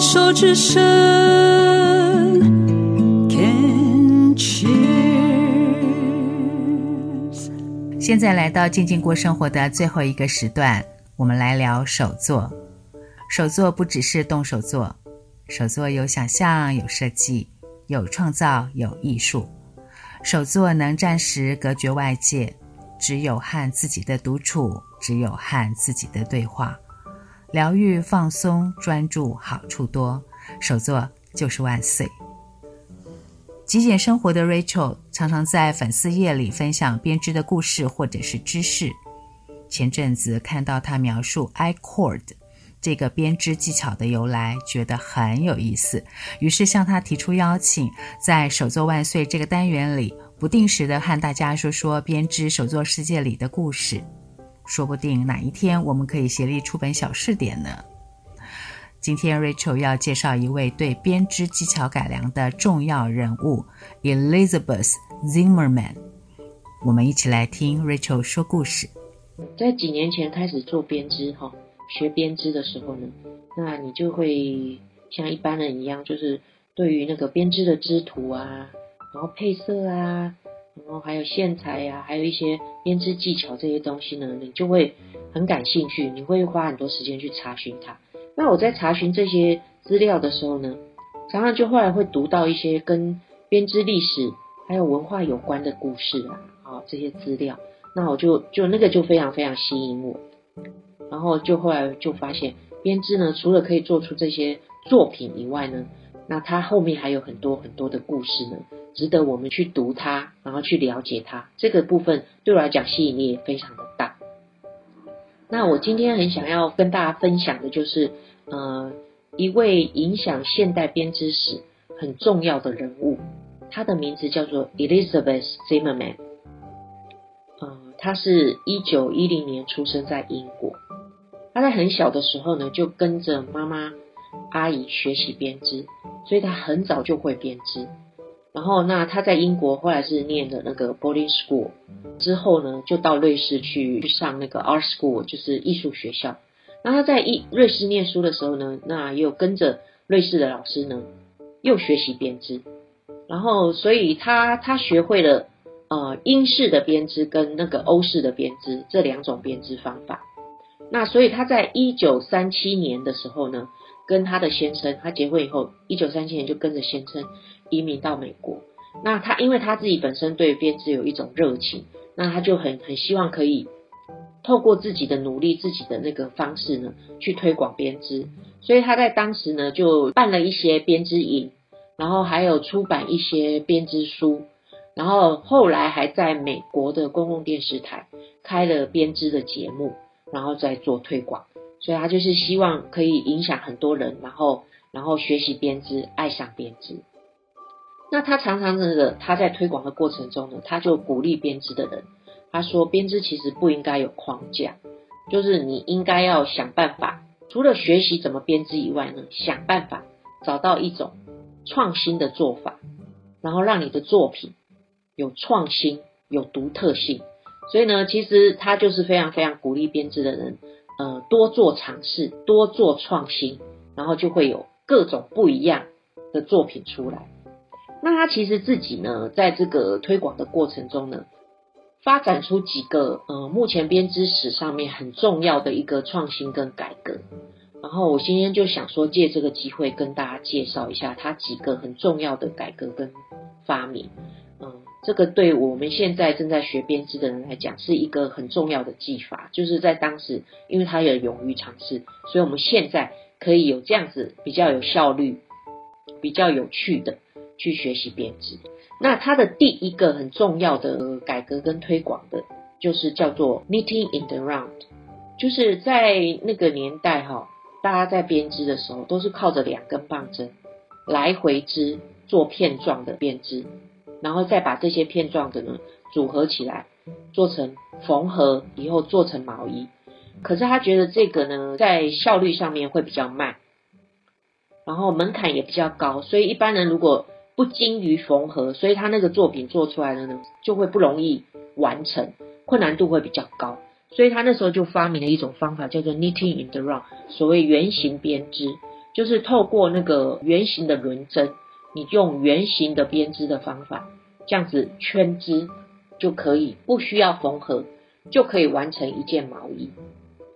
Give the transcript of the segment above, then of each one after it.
手之神，can change。現在來到靜靜過生活的最後一個時段，我們來聊手作。手作不只是動手做，手作有想象，有設計，有創造，有藝術。手作能暫時隔絕外界，只有和自己的獨處，只有和自己的對話。療癒、放鬆、專注，好處多。手作就是萬歲。極簡生活的 Rachel 常常在粉絲頁裡分享編織的故事，或者是知識。前陣子看到他描述 I-Cord 這個編織技巧的由來，覺得很有意思，於是向她提出邀請，在“手作萬歲”這個單元裡，不定時的和大家說說編織手作世界裡的故事。說不定哪一天我們可以協力出本小試點呢。今天 Rachel 要介紹一位對編織技巧改良的重要人物 Elizabeth Zimmermann。我們一起來聽 Rachel 說故事。在幾年前開始做編織哈，學編織的時候呢，那你就會像一般人一樣，就是對於那個編織的織圖啊，然後配色啊。然後還有線材呀、啊，還有一些編織技巧這些東西呢，你就會很感興趣，你會花很多時間去查詢它。那我在查詢這些資料的時候呢，常常就後來會讀到一些跟編織歷史還有文化有關的故事啊，啊、哦、這些資料，那我就就那個就非常非常吸引我。然後就後來就發現，編織呢，除了可以做出這些作品以外呢。那他後面還有很多很多的故事呢，值得我們去讀他，然後去了解他。這個部分對我來講吸引力也非常的大。那我今天很想要跟大家分享的就是，呃，一位影響現代編織史很重要的人物，他的名字叫做 Elizabeth Zimmermann。呃，他是一九一零年出生在英國，他在很小的時候呢，就跟着媽媽阿姨學習編織。所以他很早就會編織，然後那他在英國後來是念的那個 boarding school 之後呢，就到瑞士去上那個 art school，就是藝術學校。那他在瑞瑞士念書的時候呢，那也有跟着瑞士的老師呢，又學習編織。然後，所以他他學會了呃英式的編織跟那個歐式的編織這兩種編織方法。那所以他在一九三七年的時候呢。跟她的先生，她結婚以後，一九三七年就跟着先生移民到美國。那她因為她自己本身對編織有一種熱情，那她就很很希望可以透過自己的努力，自己的那個方式呢，去推廣編織。所以她在當時呢，就辦了一些編織營，然後還有出版一些編織書，然後後來還在美國的公共電視台開了編織的節目，然後再做推廣。所以他就是希望可以影響很多人，然後然後學習編織，愛上編織。那他常常的他在推廣的過程中呢，他就鼓勵編織的人，他說編織其實不應該有框架，就是你應該要想辦法，除了學習怎麼編織以外呢，想辦法找到一種創新的做法，然後讓你的作品有創新、有獨特性。所以呢，其實他就是非常非常鼓勵編織的人。呃，多做嘗試，多做創新，然後就會有各種不一樣的作品出來。那他其實自己呢，在這個推廣的過程中呢，發展出幾個呃，目前編織史上面很重要的一個創新跟改革。然後我今天就想說，借這個機會跟大家介紹一下他幾個很重要的改革跟發明。這個對我們現在正在學編織的人來講，是一個很重要的技法。就是在當時，因為他也勇於嘗試，所以我們現在可以有這樣子比較有效率、比較有趣的去學習編織。那它的第一個很重要的改革跟推廣的，就是叫做 knitting in the round。就是在那個年代哈，大家在編織的時候，都是靠着兩根棒針來回織，做片狀的編織。然後再把這些片狀的呢組合起來，做成縫合以後做成毛衣。可是他覺得這個呢在效率上面會比較慢，然後門檻也比較高，所以一般人如果不精於縫合，所以他那個作品做出來的呢就會不容易完成，困難度會比較高。所以他那時候就發明了一種方法，叫做 knitting in the round，所謂圓形編織，就是透過那個圓形的輪針。你用圓形的編織的方法，這樣子圈織就可以不需要縫合，就可以完成一件毛衣。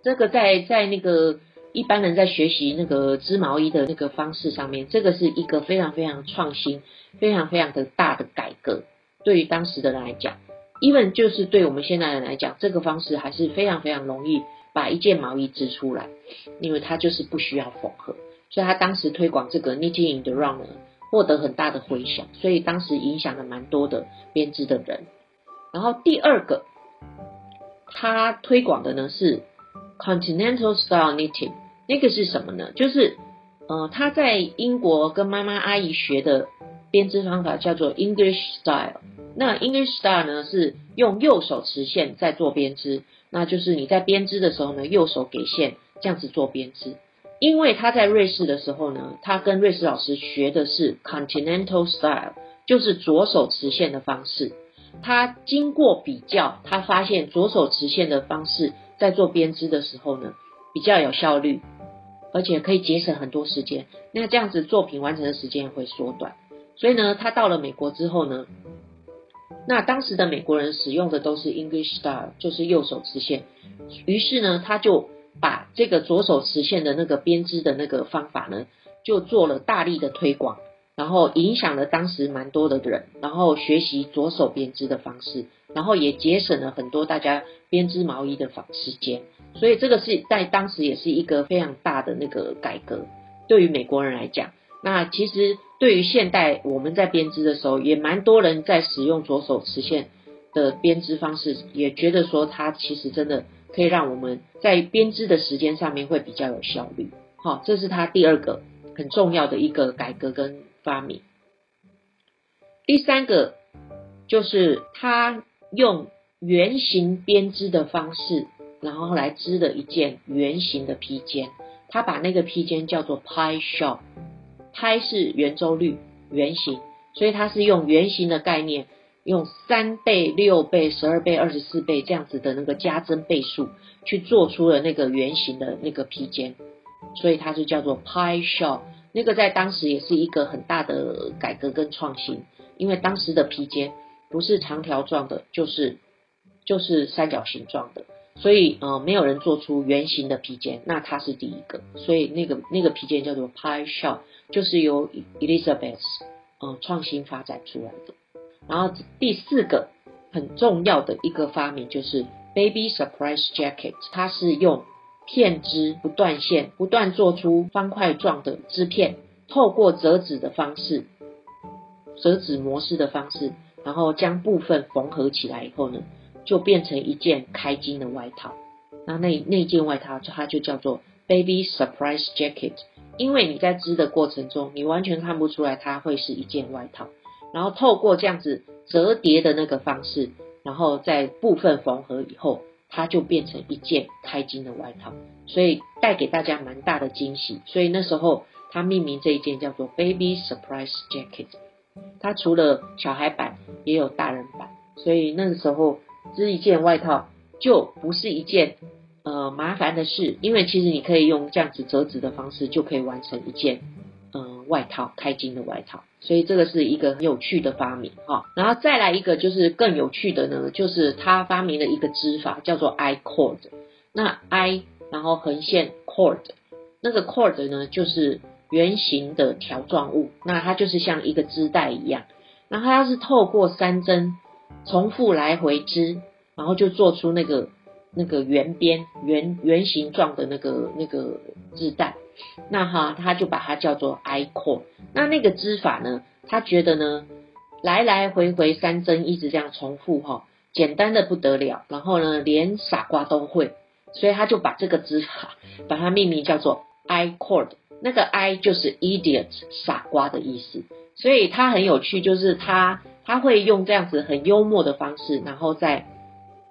這個在在那個一般人在學習那個織毛衣的那個方式上面，這個是一個非常非常創新、非常非常的大的改革。對於當時的人來講，even 就是對我們現代人來講，這個方式還是非常非常容易把一件毛衣織出來，因為它就是不需要縫合。所以他當時推廣這個 knitting in the round 呢。獲得很大的回響，所以當時影響了蠻多的編織的人。然後第二個，他推廣的呢是 Continental style knitting，那個是什麼呢？就是呃他在英國跟媽媽阿姨學的編織方法叫做 English style。那 English style 呢是用右手持線再做編織，那就是你在編織的時候呢右手給線，這樣子做編織。因為他在瑞士的時候呢，他跟瑞士老師學的是 continental style，就是左手持線的方式。他經過比較，他發現左手持線的方式在做編織的時候呢，比較有效率，而且可以節省很多時間。那這樣子作品完成的時間也會縮短。所以呢，他到了美國之後呢，那當時的美國人使用的都是 English style，就是右手持線。於是呢，他就。把這個左手持線的那個編織的那個方法呢，就做了大力的推廣，然後影響了當時蠻多的人，然後學習左手編織的方式，然後也節省了很多大家編織毛衣的方時間。所以這個是在當時也是一個非常大的那個改革，對於美國人來講。那其實對於現代我們在編織的時候，也蠻多人在使用左手持線的編織方式，也覺得說它其實真的。可以讓我們在編織的時間上面會比較有效率，好，這是他第二個很重要的一個改革跟發明。第三個就是他用圓形編織的方式，然後來織了一件圓形的披肩，他把那個披肩叫做 pi shawl，pi 是圓周率，圓形，所以他是用圓形的概念。用三倍、六倍、十二倍、二十四倍這樣子的那個加針倍數，去做出了那個圓形的那個披肩，所以它就叫做 pie shawl 那個在當時也是一個很大的改革跟創新，因為當時的披肩不是長條狀的，就是就是三角形狀的，所以呃沒有人做出圓形的披肩，那它是第一個，所以那個那個披肩叫做 pie shawl 就是由 Elizabeth 嗯、呃、創新發展出來的。然後第四個很重要的一個發明就是 Baby Surprise Jacket，它是用片織不斷線，不斷做出方塊狀的織片，透過折紙的方式、折紙模式的方式，然後將部分縫合起來以後呢，就變成一件開襟的外套。那那那件外套它就叫做 Baby Surprise Jacket，因為你在織的過程中，你完全看不出來它會是一件外套。然後透過這樣子折疊的那個方式，然後在部分縫合以後，它就變成一件開襟的外套，所以帶給大家蠻大的驚喜。所以那時候它命名這一件叫做 Baby Surprise Jacket。它除了小孩版也有大人版，所以那個時候織一件外套就不是一件呃麻煩的事，因為其實你可以用這樣子折紙的方式就可以完成一件嗯、呃、外套，開襟的外套。所以這個是一個很有趣的發明，哈，然後再來一個就是更有趣的呢，就是他發明了一個織法，叫做 I cord。那 I 然後橫線 cord，那個 cord 呢就是圓形的條狀物，那它就是像一個織帶一樣，然後它是透過三針重複來回織，然後就做出那個那個圓邊圓圓形狀的那個那個織帶。那哈，他就把它叫做 I cord。那那個織法呢，他覺得呢，來來回回三針一直這樣重複哈、哦，簡單的不得了。然後呢，連傻瓜都會。所以他就把這個織法，把它命名叫做 I cord。那個 I 就是 idiot 傻瓜的意思。所以他很有趣，就是他他會用這樣子很幽默的方式，然後再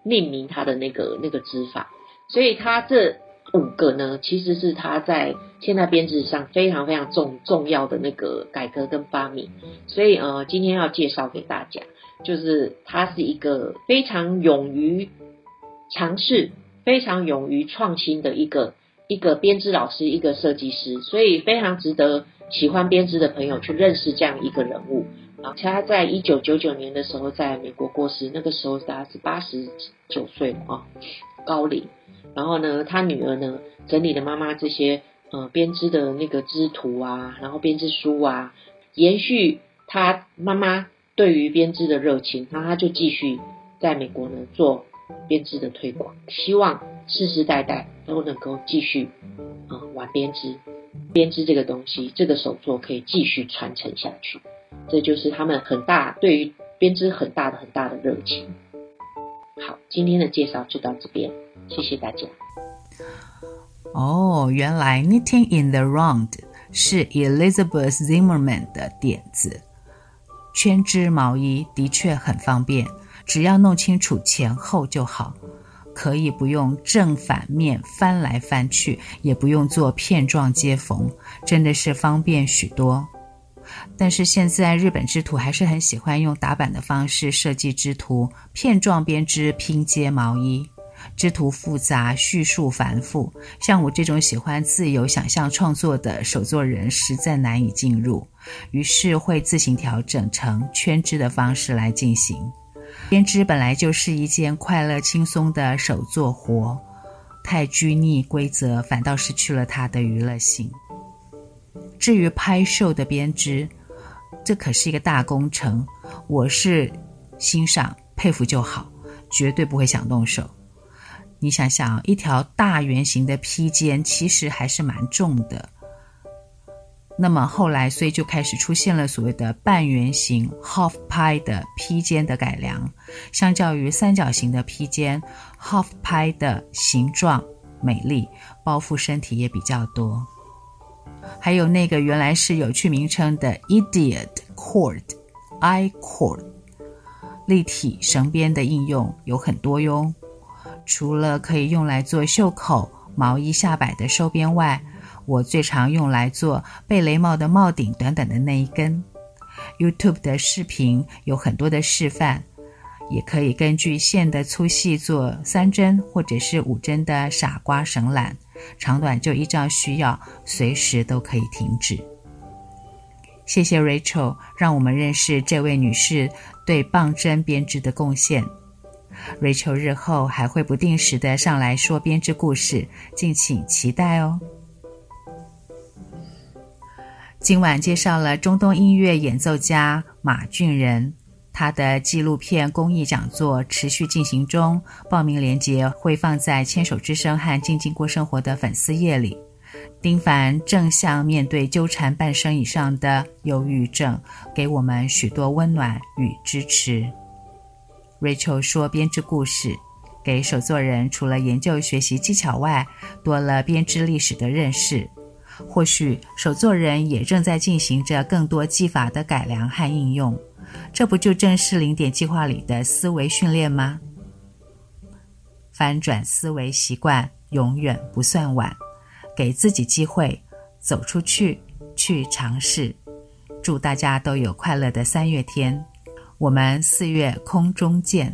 命名他的那個那個織法。所以他這。五個呢，其實是他在現在編織上非常非常重重要的那個改革跟發明，所以呃，今天要介紹給大家，就是他是一個非常勇於嘗試、非常勇於創新的一個一個編織老師、一個設計師，所以非常值得喜歡編織的朋友去認識這樣一個人物。他在一九九九年的時候在美國過世，那個時候大概是八十九歲啊。高齡，然後呢，他女兒呢，整理了媽媽這些呃編織的那個織圖啊，然後編織書啊，延續他媽媽對於編織的熱情，那他就繼續在美國呢做編織的推廣，希望世世代代都能夠繼續啊、呃、玩編織，編織這個東西，這個手作可以繼續傳承下去，這就是他們很大對於編織很大的很大的熱情。好，今天的介紹就到這邊，謝謝大家。哦，原來 knitting in the round 是 Elizabeth Zimmermann 的點子。圈織毛衣的確很方便，只要弄清楚前後就好，可以不用正反面翻來翻去，也不用做片狀接縫，真的是方便許多。但是現在日本織圖還是很喜歡用打版的方式設計織圖，片狀編織拼接毛衣，織圖複雜，敘述繁複。像我這種喜歡自由想象創作的手作人實在難以進入，於是會自行調整成圈織的方式來進行編織。本來就是一件快樂輕鬆的手作活，太拘泥規則，反倒失去了它的娛樂性。至於 Pi Shawl 的編織，這可是一個大工程。我是欣賞、佩服就好，絕對不會想動手。你想想，一條大圓形的披肩其實還是蠻重的。那麼後來，所以就開始出現了所謂的半圓形 （half pie） 的披肩的改良。相較於三角形的披肩，half pie 的形狀美麗，包覆身體也比較多。還有那個原來是有趣名稱的 Idiot Cord、I Cord，立體繩編的應用有很多喲。除了可以用來做袖口、毛衣下擺的收邊外，我最常用來做貝雷帽的帽頂短短的那一根。YouTube 的視頻有很多的示範，也可以根據線的粗細做三針或者是五針的傻瓜繩纜。長短就依照需要，隨時都可以停止。謝謝 Rachel，讓我們認識這位女士對棒針編織的貢獻。Rachel 日後還會不定時的上來說編織故事，敬請期待哦。今晚介紹了中東音樂演奏家馬俊仁。他的紀錄片公益講座持續進行中，報名鏈接會放在《牽手之聲》和《靜靜過生活》的粉絲頁裡。丁凡正向面對糾纏半生以上的憂鬱症，給我們許多溫暖與支持。Rachel 說：“編織故事，給手作人除了研究學習技巧外，多了編織歷史的認識。”或許手作人也正在進行着更多技法的改良和應用，這不就正是零點計劃裡的思維訓練嗎？翻轉思維習慣，永遠不算晚。給自己機會，走出去，去嘗試。祝大家都有快樂的三月天，我們四月空中見。